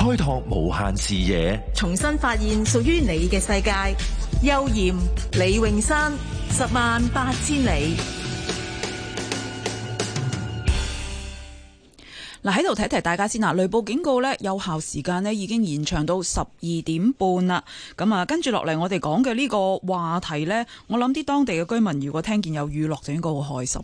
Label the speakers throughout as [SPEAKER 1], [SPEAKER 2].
[SPEAKER 1] 開拓無限視野，
[SPEAKER 2] 重新發現屬於你嘅世界。幽艷李永山，十萬八千里。嗱，喺度睇提，大家先啊！雷暴警告咧，有效時間咧已經延長到十二點半啦。咁啊，跟住落嚟我哋講嘅呢個話題咧，我諗啲當地嘅居民如果聽見有雨落，就應該會開
[SPEAKER 3] 心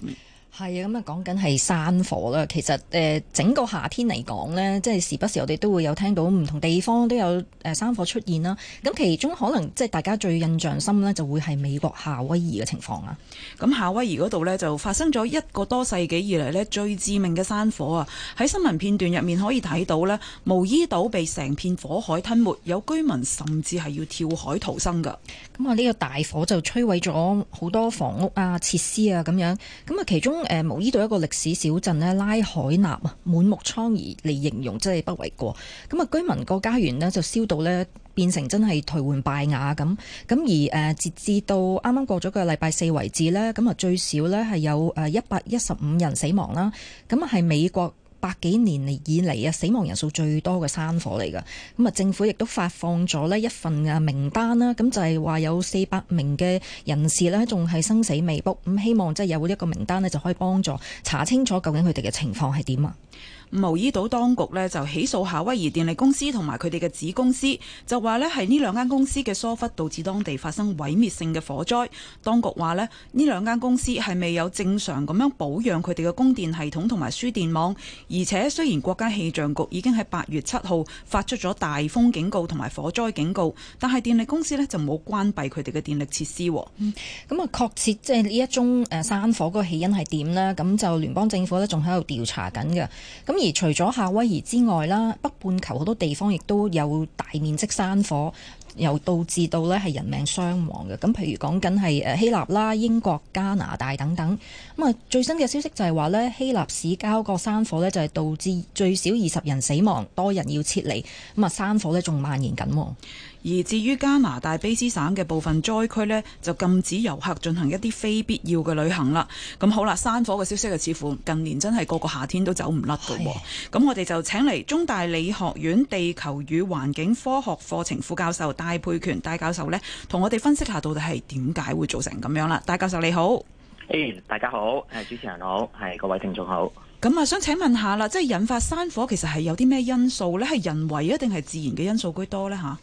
[SPEAKER 3] 係啊，咁啊講緊係山火啦。其實誒，整個夏天嚟講呢，即係時不時我哋都會有聽到唔同地方都有誒山火出現啦。咁其中可能即係大家最印象深呢，就會係美國夏威夷嘅情況啊。
[SPEAKER 2] 咁夏威夷嗰度呢，就發生咗一個多世紀以嚟，呢最致命嘅山火啊。喺新聞片段入面可以睇到呢，毛伊島被成片火海吞沒，有居民甚至係要跳海逃
[SPEAKER 3] 生噶。咁啊，呢個大火就摧毀咗好多房屋啊、設施啊咁樣。咁啊，其中誒，毛伊島一個歷史小鎮咧，拉海納啊，滿目瘡痍嚟形容，真係不為過。咁啊，居民個家園咧就燒到咧，變成真係頹垣敗瓦咁。咁而誒，截、呃、至到啱啱過咗個禮拜四為止呢，咁啊最少咧係有誒一百一十五人死亡啦。咁係美國。百幾年嚟以嚟啊，死亡人數最多嘅山火嚟噶。咁啊，政府亦都發放咗咧一份啊名單啦，咁就係話有四百名嘅人士咧，仲係生死未卜咁，希望即係有一個名單咧就可以幫助查清楚究竟佢哋嘅情況係點啊。
[SPEAKER 2] 毛伊島當局呢，就起訴夏威夷電力公司同埋佢哋嘅子公司，就話呢係呢兩間公司嘅疏忽導致當地發生毀滅性嘅火災。當局話呢，呢兩間公司係未有正常咁樣保養佢哋嘅供電系統同埋輸電網，而且雖然國家氣象局已經喺八月七號發出咗大風警告同埋火災警告，但係電力公司呢就
[SPEAKER 3] 冇關閉佢哋嘅電力設施。嗯，咁啊確切即係呢一宗誒山火嗰個起因係點呢？咁就聯邦政府呢，仲喺度調查緊嘅。咁而除咗夏威夷之外啦，北半球好多地方亦都有大面積山火，又導致到咧係人命傷亡嘅。咁譬如講緊係誒希臘啦、英國、加拿大等等。咁啊最新嘅消息就係話咧，希臘市郊個山火咧就係導致最少二十人死亡，多人要撤離。咁啊山火咧仲蔓延緊。而至於加拿大卑
[SPEAKER 2] 斯省嘅部分災區呢，就禁止遊客進行一啲非必要嘅旅行啦。咁好啦，山火嘅消息啊，似乎近年真係個個夏天都走唔甩㗎喎。咁的我哋就請嚟中大理學院地球與環境科學課程副教授戴沛權戴教授，戴教授呢，同我哋分析下到底係點解會造成咁樣啦。戴教授你好
[SPEAKER 1] ，hey，大家好，係主持人好，係各位聽眾好。
[SPEAKER 2] 咁啊，想請問下啦，即係引發山火其實係有啲咩因素呢？係人為啊，定係自然嘅因素居多呢？嚇？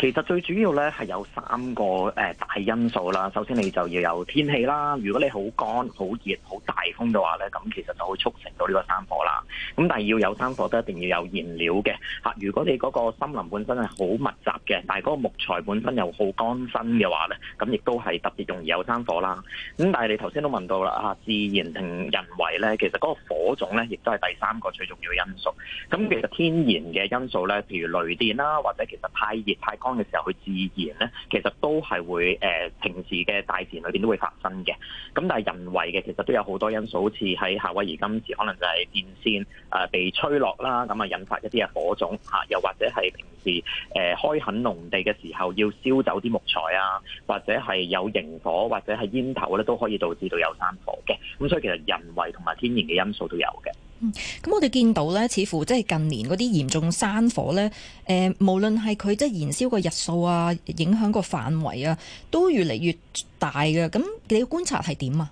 [SPEAKER 1] 其實最主要咧係有三個誒、呃、大因素啦。首先你就要有天氣啦。如果你好乾、好熱、好大風嘅話咧，咁其實就會促成到呢個山火啦。咁但係要有山火都一定要有燃料嘅嚇、啊。如果你嗰個森林本身係好密集嘅，但係嗰個木材本身又好乾身嘅話咧，咁亦都係特別容易有山火啦。咁、嗯、但係你頭先都問到啦，啊自然同人為咧，其實嗰個火種咧亦都係第三個最重要嘅因素。咁其實天然嘅因素咧，譬如雷電啦、啊，或者其實太熱太嘅時候，佢自然咧，其實都係會誒、呃、平時嘅大自然裏邊都會發生嘅。咁但係人為嘅，其實都有好多因素，好似喺夏威夷今次可能就係電線啊被吹落啦，咁啊、嗯、引發一啲嘅火種嚇、啊，又或者係平時誒、呃、開墾農地嘅時候要燒走啲木材啊，或者係有營火或者係煙頭咧都可以導致到有山火嘅。咁、嗯、所以其實人為同埋天然嘅因素都有嘅。
[SPEAKER 3] 咁、嗯、我哋見到咧，似乎即係近年嗰啲嚴重山火咧，誒、呃，無論係佢即係燃燒個日數啊，影響個範圍啊，都越嚟越大嘅。咁你觀察係點啊？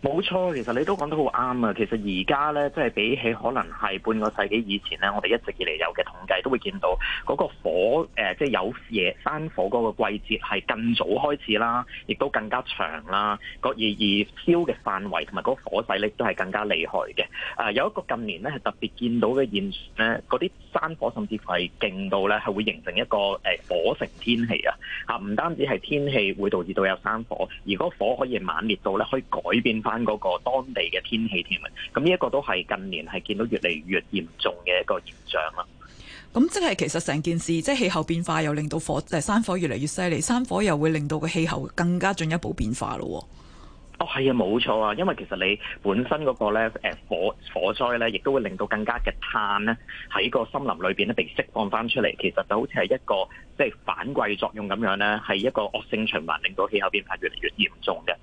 [SPEAKER 1] 冇錯，其實你都講得好啱啊！其實而家咧，即係比起可能係半個世紀以前咧，我哋一直以嚟有嘅統計，都會見到嗰個火誒，即、呃、係、就是、有野山火嗰個季節係更早開始啦，亦都更加長啦。個而而燒嘅範圍同埋嗰個火勢咧都係更加厲害嘅。啊、呃，有一個近年咧係特別見到嘅現象咧，嗰啲山火甚至乎係勁到咧係會形成一個誒、呃、火成天氣啊！嚇，唔單止係天氣會導致到有山火，而嗰火可以猛烈到咧可以改變翻嗰個當地嘅天氣添啊，咁呢一個都係近年係見到越嚟越嚴重嘅一個現象啦。
[SPEAKER 2] 咁即係其實成件事，即係氣候變化又令到火、即係、山火越嚟越犀利，山火又會令到個氣候更加進一步變化
[SPEAKER 1] 咯。哦，係啊，冇錯啊，因為其實你本身嗰個咧誒火火災咧，亦都會令到更加嘅碳咧喺個森林裏邊咧被釋放翻出嚟，其實就好似係一個即係、即係、反饋作用咁樣咧，係一個惡性循環，令到氣候變化越嚟越嚴重嘅。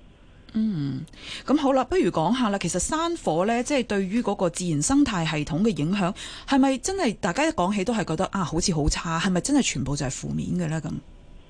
[SPEAKER 2] 嗯，咁好啦，不如講下啦。其實山火呢，即係對於嗰個自然生態系統嘅影響，係咪真係大家一講起都係覺得啊，好似好差？係咪真係全部就係負面嘅呢？咁？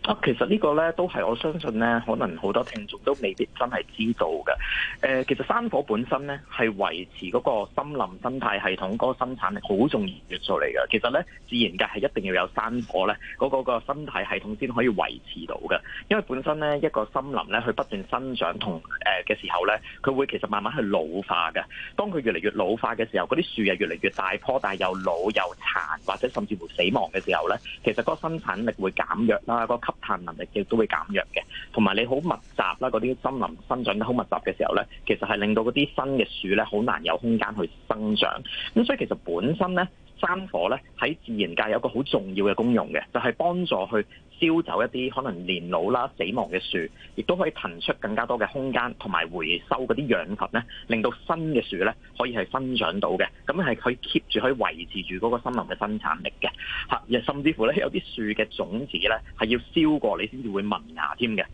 [SPEAKER 2] 啊，
[SPEAKER 1] 其實個呢個咧都係我相信咧，可能好多聽眾都未必真係知道嘅。誒、呃，其實山火本身咧係維持嗰個森林生態系統嗰個生產力好重要元素嚟嘅。其實咧，自然界係一定要有山火咧，嗰、嗰個、個個生態系統先可以維持到嘅。因為本身咧一個森林咧，佢不斷生長同誒嘅時候咧，佢會其實慢慢去老化嘅。當佢越嚟越老化嘅時候，嗰啲樹啊越嚟越大棵，但係又老又殘或者甚至乎死亡嘅時候咧，其實嗰個生產力會減弱啦，個吸碳能力亦都會減弱嘅，同埋你好密集啦，嗰啲森林生長得好密集嘅時候咧，其實係令到嗰啲新嘅樹咧好難有空間去生長。咁所以其實本身咧，山火咧喺自然界有個好重要嘅功用嘅，就係、是、幫助去，燒走一啲可能年老啦、死亡嘅樹，亦都可以騰出更加多嘅空間，同埋回收嗰啲養分咧，令到新嘅樹咧可以係生長到嘅，咁係佢 keep 住可以維持住嗰個森林嘅生產力嘅，嚇，甚至乎咧有啲樹嘅種子咧係要燒過你先至會萌芽添嘅。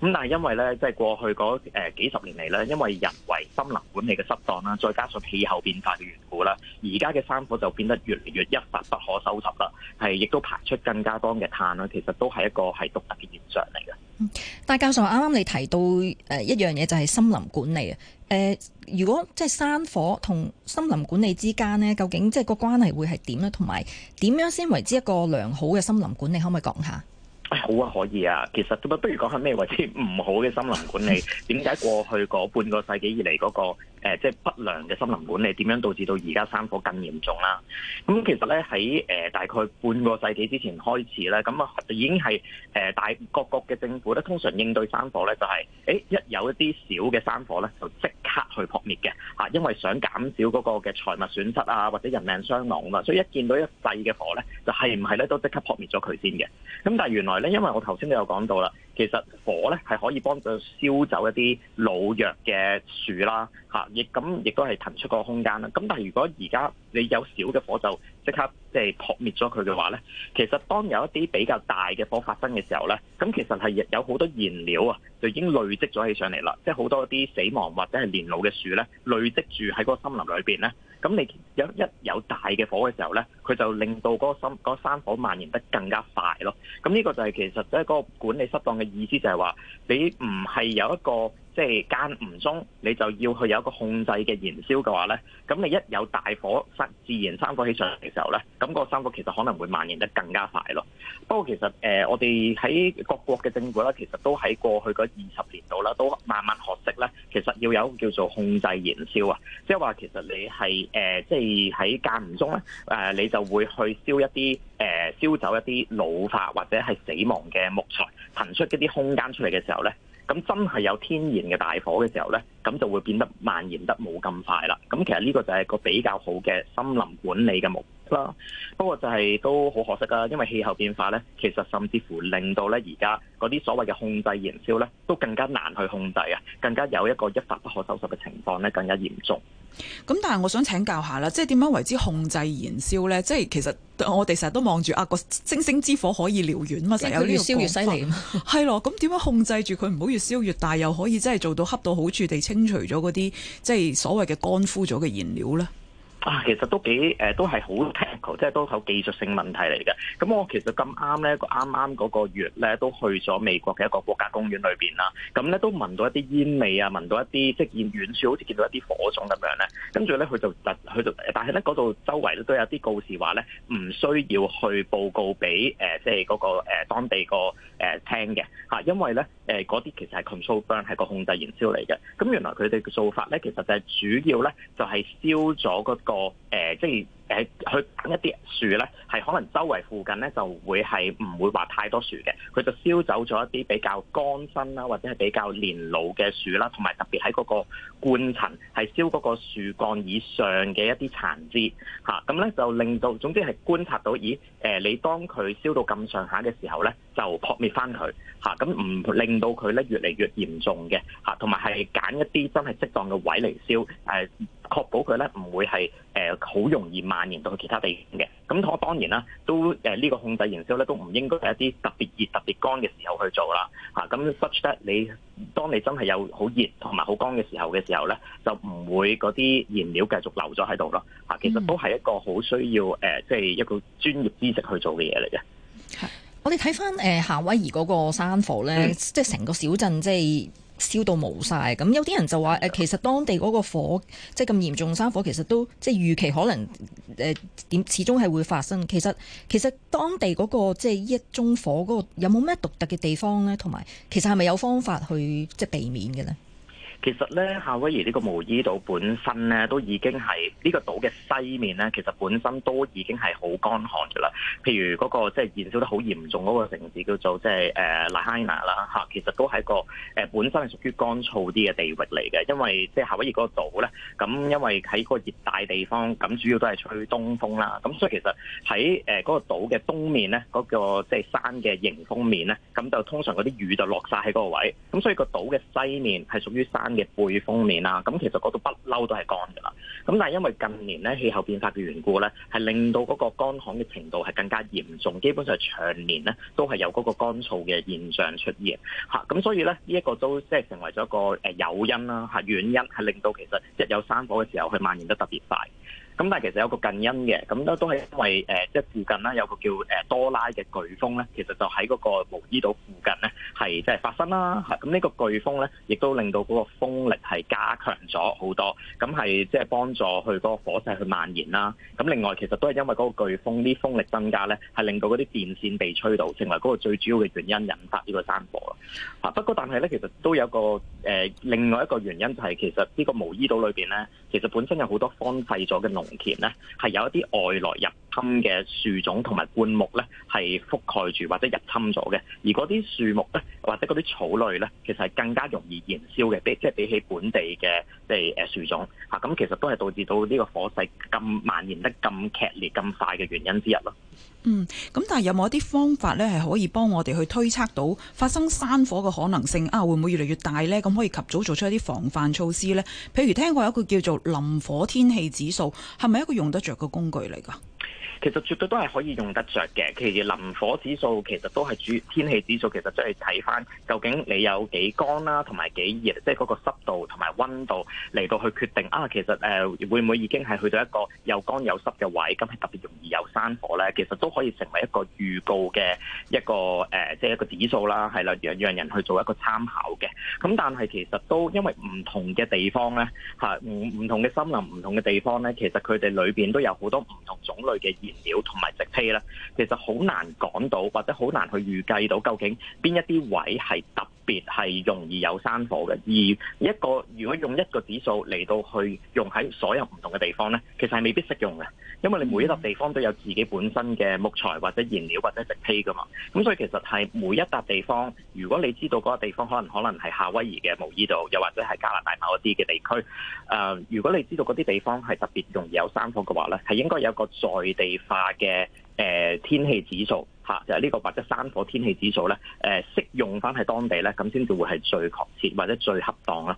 [SPEAKER 1] 咁但係因為咧，即、就、係、是、過去嗰誒、呃、幾十年嚟咧，因為人為森林管理嘅失當啦，再加上氣候變化嘅緣故啦，而家嘅山火就變得越嚟越一發不可收拾啦，係亦都排出更加多嘅碳啦。其實都係一個係獨特嘅現象嚟嘅。
[SPEAKER 3] 戴、嗯、教授，啱啱你提到誒、呃、一樣嘢就係森林管理啊。誒、呃，如果即係山火同森林管理之間呢，究竟即係個關係會係點咧？同埋點樣先為之一個良好嘅森林管理？可唔可以講下？
[SPEAKER 1] 哎、好啊，可以啊。其實咁啊，不如講下咩為之唔好嘅森林管理？點解過去嗰半個世紀以嚟嗰、那個、呃、即係不良嘅森林管理，點樣導致到而家山火更嚴重啦？咁其實咧喺誒大概半個世紀之前開始咧，咁啊已經係誒、呃、大各國嘅政府咧，通常應對山火咧就係、是、誒、欸、一有一啲小嘅山火咧，就即刻去撲滅嘅嚇、啊，因為想減少嗰個嘅財物損失啊，或者人命傷亡嘛、啊，所以一見到一細嘅火咧，就係唔係咧都即刻撲滅咗佢先嘅。咁但係原來咧，因為我頭先都有講到啦，其實火咧係可以幫助燒走一啲老弱嘅樹啦，嚇，亦咁亦都係騰出個空間啦。咁但係如果而家你有小嘅火就即刻即係撲滅咗佢嘅話咧，其實當有一啲比較大嘅火發生嘅時候咧，咁其實係有好多燃料啊，就已經累積咗起上嚟啦，即係好多啲死亡或者係年老嘅樹咧，累積住喺個森林裏邊咧。咁你有一有大嘅火嘅時候咧，佢就令到嗰個山火蔓延得更加快咯。咁呢個就係其實，即係嗰個管理失當嘅意思就，就係話你唔係有一個。即係間唔中，你就要去有一個控制嘅燃燒嘅話咧，咁你一有大火生自然山火起上嚟嘅時候咧，咁、嗰個山火其實可能會蔓延得更加快咯。不過其實誒、呃，我哋喺各國嘅政府啦，其實都喺過去嗰二十年度啦，都慢慢學識咧，其實要有叫做控制燃燒啊，即係話其實你係誒，即係喺間唔中咧誒、呃，你就會去燒一啲誒、呃、燒走一啲老化或者係死亡嘅木材，騰出一啲空間出嚟嘅時候咧。咁真係有天然嘅大火嘅時候呢，咁就會變得蔓延得冇咁快啦。咁其實呢個就係一個比較好嘅森林管理嘅目的。啦，不過就係都好可惜啦，因為氣候變化呢，其實甚至乎令到呢而家嗰啲所謂嘅控制燃燒呢，都更加難去控制啊，更加有一個一發不可收拾嘅情況呢，更加嚴重。
[SPEAKER 2] 咁、嗯、但係我想請教下啦，即係點樣為之控制燃燒呢？即係其實我哋成日都望住啊個星星之火可以燎原嘛，成日有越燒越犀利。 係咯，咁點樣控制住佢唔好越燒越大，又可以真係做到恰到好處地清除咗嗰啲即係所謂嘅乾枯咗嘅燃料呢？
[SPEAKER 1] 啊，其實都幾誒、呃，都係好 technical 即係都有技術性問題嚟嘅。咁我其實咁啱咧，啱啱嗰個月咧都去咗美國嘅一個國家公園裏邊啦。咁咧都聞到一啲煙味啊，聞到一啲即係遠遠處好似見到一啲火種咁樣咧。跟住咧佢就但佢就，但係咧嗰度周圍咧都有啲告示話咧，唔需要去報告俾誒、呃，即係嗰、嗰個誒、呃、當地個。誒聽嘅嚇。因為咧誒嗰啲其實係 controlled burn 係個控制燃燒嚟嘅。咁原來佢哋嘅做法咧，其實就係主要咧就係燒咗嗰個誒，即係。誒去揀一啲樹咧，係可能周圍附近咧就會係唔會話太多樹嘅，佢就燒走咗一啲比較乾身啦，或者係比較年老嘅樹啦，同埋特別喺嗰個冠層係燒嗰個樹幹以上嘅一啲殘枝嚇，咁、啊、咧就令到總之係觀察到，咦誒，你當佢燒到咁上下嘅時候咧，就撲滅翻佢嚇，咁、啊、唔令到佢咧越嚟越嚴重嘅嚇，同埋係揀一啲真係適當嘅位嚟燒誒。啊確保佢咧唔會係誒好容易蔓延到其他地區嘅。咁我當然啦，都誒呢、呃這個控制燃燒咧，都唔應該係一啲特別熱、特別乾嘅時候去做啦。嚇、啊，咁 such that 你當你真係有好熱同埋好乾嘅時候嘅時候咧，就唔會嗰啲燃料繼續留咗喺度咯。嚇、啊，其實都係一個好需要誒，即、呃、係、就是、一個專業知識去做嘅嘢嚟嘅。係，
[SPEAKER 3] 我哋睇返誒夏威夷嗰個山火咧，嗯、即係成個小鎮即係。燒到冇晒。咁，有啲人就話誒，其實當地嗰個火即係咁嚴重山火，其實都即係預期可能誒點、呃，始終係會發生。其實其實當地嗰、嗰個即係一宗火嗰、嗰個有冇咩獨特嘅地方呢？同埋其實係咪有方法去即係避免嘅呢？
[SPEAKER 1] 其實咧，夏威夷呢個茂伊島本身咧，都已經係呢、這個島嘅西面咧，其實本身都已經係好乾旱嘅啦。譬如嗰、那個即係、就是、燃燒得好嚴重嗰個城市叫做即係誒拉哈納啦嚇，其實都係一個誒本身係屬於乾燥啲嘅地域嚟嘅，因為即係夏威夷嗰個島咧，咁因為喺個熱帶地方，咁主要都係吹東風啦，咁所以其實喺誒嗰個島嘅東面咧，嗰、那個即係山嘅迎風面咧，咁就通常嗰啲雨就落晒喺嗰個位，咁所以個島嘅西面係屬於山嘅背風面啦，咁其實嗰度不嬲都係乾噶啦。咁但係因為近年咧，氣候變化嘅緣故咧，係令到嗰個乾旱嘅程度係更加嚴重，基本上長年咧都係有嗰個乾燥嘅現象出現嚇。咁所以咧呢、這個、一個都即係成為咗一個誒誘因啦，嚇原因係令到其實一有山火嘅時候，佢蔓延得特別快。咁但係其實有個近因嘅，咁都都係因為誒，即、呃、係、就是、附近啦，有個叫誒多拉嘅颶風咧，其實就喺嗰個毛伊島附近咧，係即係發生啦。咁、嗯、呢個颶風咧，亦都令到嗰個風力係加強咗好多，咁係即係幫助去嗰個火勢去蔓延啦。咁另外其實都係因為嗰個颶風啲風力增加咧，係令到嗰啲電線被吹到，成為嗰個最主要嘅原因引發呢個山火咯。嚇，不過但係咧，其實都有個誒、呃、另外一個原因就係、是、其實呢個毛伊島裏邊咧，其實本身有好多荒廢咗嘅農田咧，係有一啲外來入侵嘅樹種同埋灌木咧，係覆蓋住或者入侵咗嘅。而嗰啲樹木咧，或者嗰啲草類咧，其實係更加容易燃燒嘅，比即係、即係、比起本地嘅地誒、呃、樹種嚇。咁、啊、其實都係導致到呢個火勢咁蔓延得咁劇烈、咁快嘅原因之一咯。
[SPEAKER 2] 嗯，咁但係有冇一啲方法咧，係可以幫我哋去推測到發生山火嘅可能性啊？會唔會越嚟越大呢？咁可以及早做出一啲防範措施呢？譬如聽過一個叫做林火天氣指數，係咪一個用得着嘅工具嚟噶？
[SPEAKER 1] 其實絕對都係可以用得著嘅。其實林火指數其實都係主天氣指數，其實即係睇返究竟你有幾乾啦，同埋幾熱，即係嗰個濕度同埋温度嚟到去決定啊。其實誒會唔會已經係去到一個又乾又濕嘅位，咁係特別容易有山火咧。其實都可以成為一個預告嘅一個誒，即係一個指數啦，係啦，讓讓人去做一個參考嘅。咁但係其實都因為唔同嘅地方咧，嚇唔唔同嘅森林、唔同嘅地方咧，其實佢哋裏邊都有好多唔同種類嘅。料同埋直批啦，其實好難講到，或者好難去預計到究竟邊一啲位係特別係容易有山火嘅，而一個如果用一個指數嚟到去用喺所有唔同嘅地方呢，其實係未必適用嘅，因為你每一笪地方都有自己本身嘅木材或者燃料或者植被㗎嘛，咁所以其實係每一笪地方，如果你知道嗰個地方可能可能係夏威夷嘅茂宜島，又或者係加拿大某一啲嘅地區，誒、呃，如果你知道嗰啲地方係特別容易有山火嘅話呢，係應該有一個在地化嘅誒、呃、天氣指數。就係呢個或者山火天氣指數呢，誒適用翻喺當地呢，咁先至會係最確切或者最恰當啦。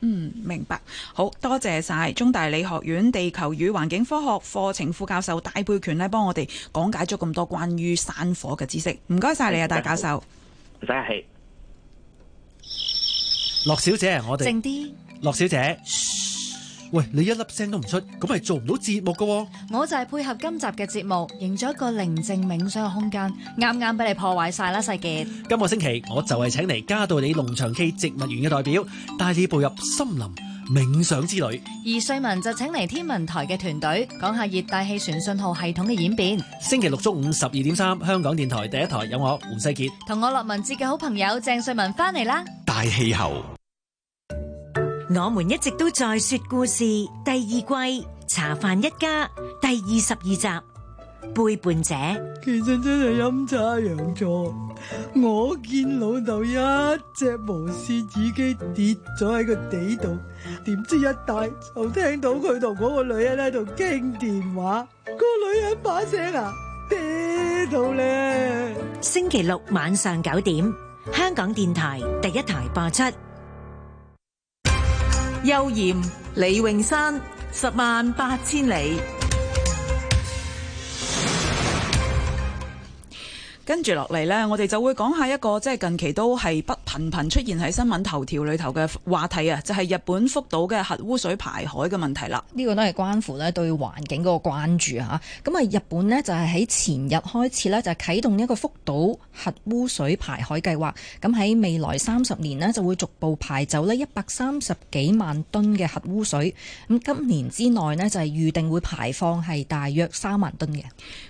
[SPEAKER 1] 嗯，
[SPEAKER 2] 明白。好，多謝晒中大理學院地球與環境科學課程副教授戴沛權，呢幫我哋講解咗咁多關於山火嘅知識。唔該晒你啊，戴、嗯、教授。
[SPEAKER 1] 唔使客氣。樂 小姐，我哋靜啲。樂點小姐。喂，你一粒聲都唔出，咁係做唔到節目噶。
[SPEAKER 3] 我就係配合今集嘅節目，營造一個寧靜冥想嘅空間，啱啱俾你破壞晒啦，世杰。
[SPEAKER 1] 今個星期我就係請嚟嘉道理農場暨植物園嘅代表，帶你步入森林冥想之旅。
[SPEAKER 3] 而瑞文就請嚟天文台嘅團隊，講下熱帶氣旋信號系統嘅演變。
[SPEAKER 1] 星期六中午十二點三，香港電台第一台有我胡世杰，
[SPEAKER 3] 同我落文志嘅好朋友鄭瑞文翻嚟啦。
[SPEAKER 1] 大氣候。
[SPEAKER 3] 我們一直都在說故事，第二季茶飯一家第二十二集背叛者。其實真係陰差陽錯，我見老豆一隻無線耳機跌咗喺個地度，點知一戴就聽到佢同嗰個女人喺度傾電話，個女人把聲啊嗲到咧。星期六晚上九點，香港電台第一台播出。邱賢、李永山，十萬八千里。
[SPEAKER 2] 跟住落嚟咧，我哋就會講下一個即係近期都係不頻頻出現喺新聞頭條裏頭嘅話題啊，就係日本福島嘅核污水排海嘅問題啦。
[SPEAKER 3] 呢個都係關乎咧對環境嗰個關注吓，咁啊，日本咧就係喺前日開始咧就係啟動一個福島核污水排海計劃，咁喺未來三十年咧就會逐步排走咧一百三十幾萬噸嘅核污水。咁今年之內咧就係預定會排放係大約三萬噸嘅。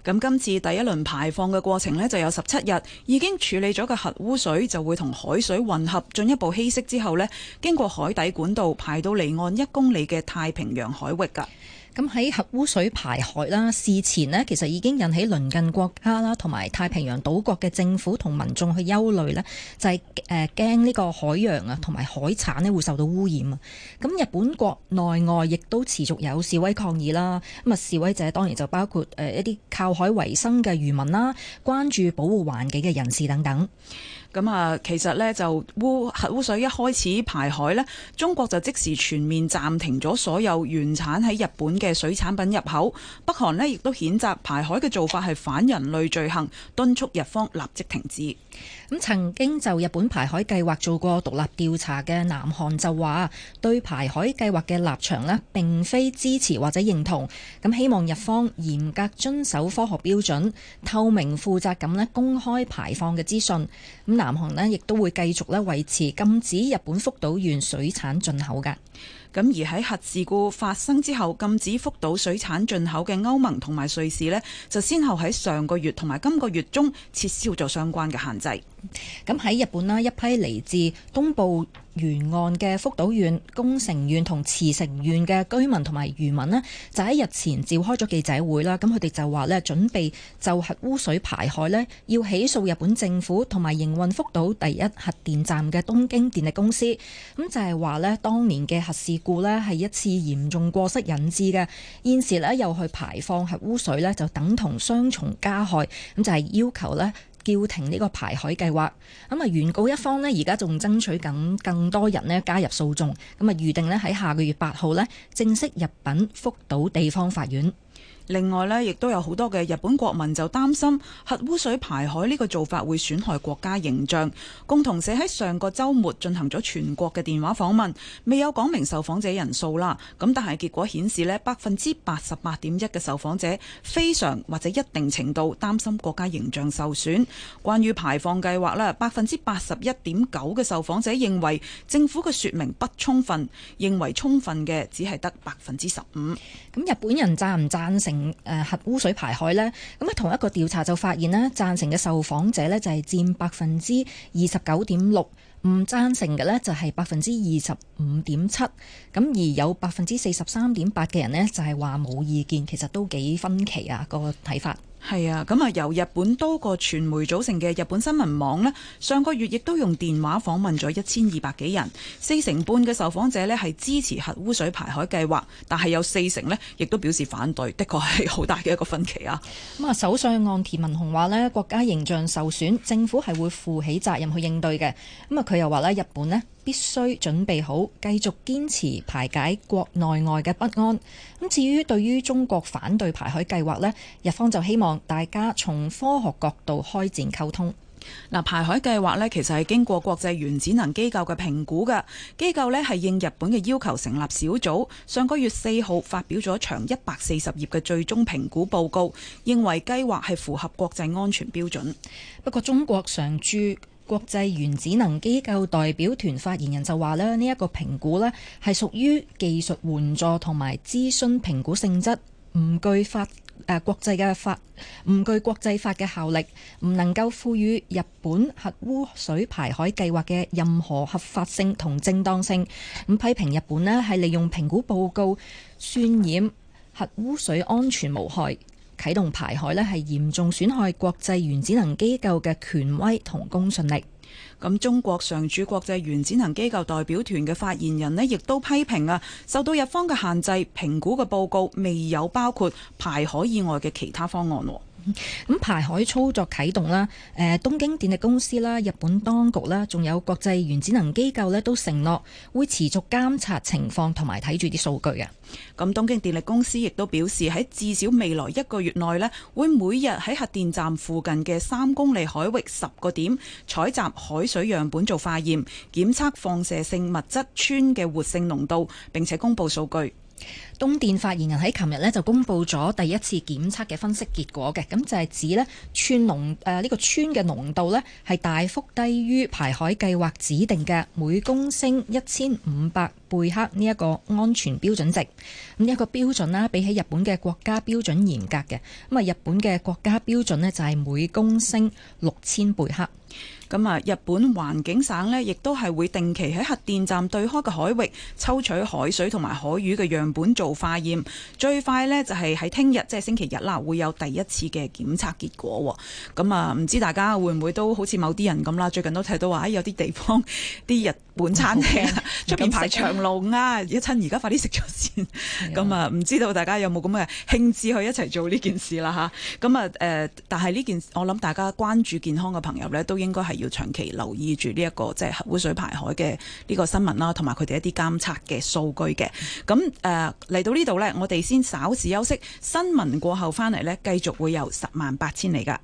[SPEAKER 2] 咁今次第一輪排放嘅過程咧就有。十七日已經處理咗嘅核污水就會同海水混合，進一步稀釋之後呢，經過海底管道排到離岸一公
[SPEAKER 3] 里嘅太平洋海域㗎。咁喺核污水排海啦，事前呢，其實已經引起鄰近國家啦，同埋太平洋島國嘅政府同民眾去憂慮呢，就係誒驚呢個海洋啊，同埋海產呢會受到污染啊。咁日本國內外亦都持續有示威抗議啦。咁啊，示威者當然就包括誒一啲靠海為生嘅漁民啦，關注保護環境嘅人士等等。咁啊，
[SPEAKER 2] 其實咧就污核污水一開始排海咧，中國就即時全面暫停咗所有原產喺日本嘅水產品入口。北韓咧亦都譴責排海嘅做法係反人類罪行，敦促日方立即停止。
[SPEAKER 3] 咁曾經就日本排海計劃做過獨立調查嘅南韓就話，對排海計劃嘅立場咧並非支持或者認同。咁希望日方嚴格遵守科學標準，透明負責咁咧公開排放嘅資訊。咁南韓呢亦都會繼續咧維持禁止日本福島縣水產進口嘅。咁而喺
[SPEAKER 2] 核事故發生之後，禁止福島水產進口嘅歐盟同埋瑞士呢，就先後喺上個月同埋今個月中撤銷咗相關嘅限制。
[SPEAKER 3] 咁喺日本啦，一批嚟自東部沿岸嘅福島縣、宮城縣同茨城縣嘅居民同埋漁民呢，就喺日前召開咗記者會啦。咁佢哋就話呢準備就核污水排海呢，要起訴日本政府同埋營運福島第一核電站嘅東京電力公司。咁就係話呢當年嘅核事故呢，係一次嚴重過失引致嘅，現時呢，又去排放核污水呢，就等同雙重加害。咁就係要求呢。叫停呢個排海計劃，咁啊，原告一方呢，而家仲爭取緊更多人呢加入訴訟，咁啊，預定呢喺下個月八號呢正式入禀福島地方法院。另外呢亦都有好多嘅日
[SPEAKER 2] 本國民就擔心核污水排海呢個做法會損害國家形象。共同社喺上個周末進行咗全國嘅電話訪問，未有講明受訪者人數啦。咁但係結果顯示咧，百分之八十八點一嘅受訪者非常或者一定程度擔心國家形象受損。關於排放計劃咧，百分之八十一點九嘅受訪者認為政府嘅說明不充分，認為充分嘅
[SPEAKER 3] 只係得百分之十五。咁日本人贊唔贊成？誒，核污水排海呢，咁喺同一個調查就發現呢，贊成嘅受訪者呢就係佔百分之二十九點六，唔贊成嘅呢就係百分之二十五點七，咁而有百分之四十三點八嘅人呢，就係話冇意見，其實都幾分歧啊，個睇法。
[SPEAKER 2] 係啊，咁啊由日本多個傳媒組成嘅日本新聞網呢，上個月亦都用電話訪問咗一千二百幾人，四成半嘅受訪者呢係支持核污水排海計劃，但係有四成呢亦都表示反對，的確係好大嘅一個分歧啊！咁
[SPEAKER 3] 啊，首相岸田文雄話呢，國家形象受損，政府係會負起責任去應對嘅。咁啊，佢又話咧，日本呢，必須準備好，繼續堅持排解國內外嘅不安。咁至於對於中國反對排海計劃咧，日方就希望大家從科學角度開展溝通。嗱，排海計劃咧，其實係經
[SPEAKER 2] 過國際原子能機構嘅評估㗎，機構咧係應日本嘅要求成立小組，上個月四號發表咗長一百四十頁嘅最終評估報告，認為
[SPEAKER 3] 計劃係符合國際安全標準。不過中國常駐。國際原子能機構代表團發言人就話咧：呢、這、一個評估咧係屬於技術援助同埋諮詢評估性質，唔具法誒、呃、國際嘅法，唔具國際法嘅效力，唔能夠賦予日本核污水排海計劃嘅任何合法性同正當性。咁批評日本咧係利用評估報告渲染核污水安全無害。啟動排海呢，係嚴重損害國際原子能機構嘅權威同公信力。咁
[SPEAKER 2] 中國常駐國際原子能機構代表團嘅發言人呢，亦都批評啊，受到日方嘅限制，評估嘅報告未有包括排海以外嘅其他方案。
[SPEAKER 3] 咁排海操作啟動啦，誒，東京電力公司啦，日本當局啦，仲有國際原子能機構呢，都承諾會持續監察情況同埋睇住啲數據嘅。
[SPEAKER 2] 咁東京電力公司亦都表示，喺至少未來一個月內呢，會每日喺核電站附近嘅三公里海域十個點採集海水樣本做化驗，檢測放射性物質氚嘅活性濃度，並且公布數
[SPEAKER 3] 據。東電發言人喺琴日呢就公布咗第一次檢測嘅分析結果嘅，咁就係指咧，氚濃誒呢個氚嘅濃度呢，係大幅低於排海計劃指定嘅每公升一千五百貝克呢一個安全標準值。咁呢一個標準啦、啊，比起日本嘅國家標準嚴格嘅。咁啊，日本嘅國家標準呢，就係每公升六千貝克。咁啊，日本環
[SPEAKER 2] 境省咧，亦都係會定期喺核電站對開嘅海域抽取海水同埋海魚嘅樣本做化驗，最快咧就係喺聽日，即係星期日啦，會有第一次嘅檢測結果。咁啊，唔知大家會唔會都好似某啲人咁啦，最近都睇到話誒有啲地方啲日本餐廳出面排長龍啊！啊，一趁而家快啲食咗先，咁 啊、嗯，唔、 嗯、知道大家有冇咁嘅興致去一齊做呢件事啦吓，咁啊、 嗯，誒，但係呢件我諗大家關注健康嘅朋友呢，都應該係要長期留意住呢一個即係、就是、核污水排海嘅呢個新聞啦，同埋佢哋一啲監測嘅數據嘅。咁誒嚟到呢度呢，我哋先稍事休息，新聞過後翻嚟呢，繼續會有十萬八千里噶。